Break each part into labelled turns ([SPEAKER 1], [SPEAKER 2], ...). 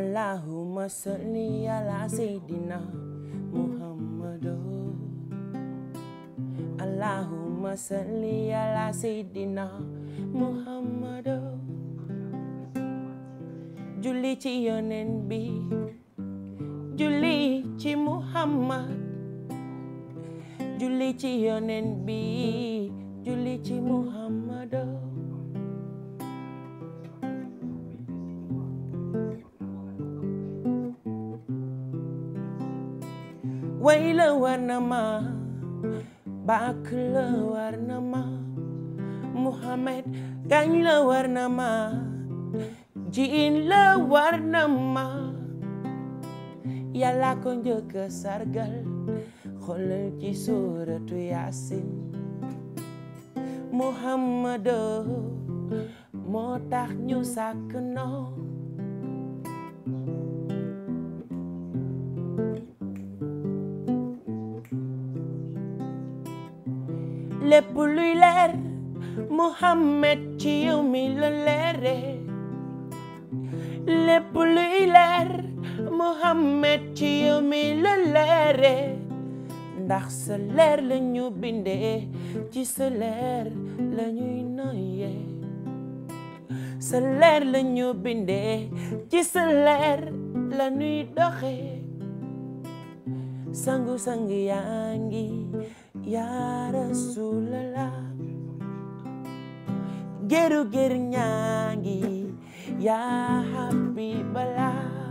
[SPEAKER 1] Allahumma salli ala sayyidina Muhammadu Allahumma salli ala sayyidina Muhammadu julli ci yonen bi julli ci Muhammad Waila warnama Bakla warnama Muhammad Gangla warnama Jinla warnama Yàlla ko njëkk a sargal xoolal ci suuratu Yaasin Muhammad moo tax ñu sàkk no lépp luy leer Muhammad ci yow mi la leer Muhammad la leere ndax sa leer la ñu bindee ci sa leer la ñuy noyyee sa leer la ñu bindee ci sa leer la doxee sangu sangu yangi ya rasulallah geru geru nyangi ya habiballah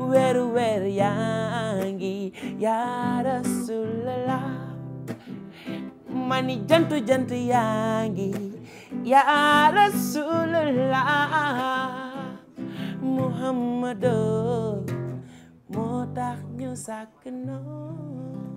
[SPEAKER 1] weru weru yangi ya rasulallah mani jantu jantu yangi ya rasulallah muhammadu tax ñu sàkk noonu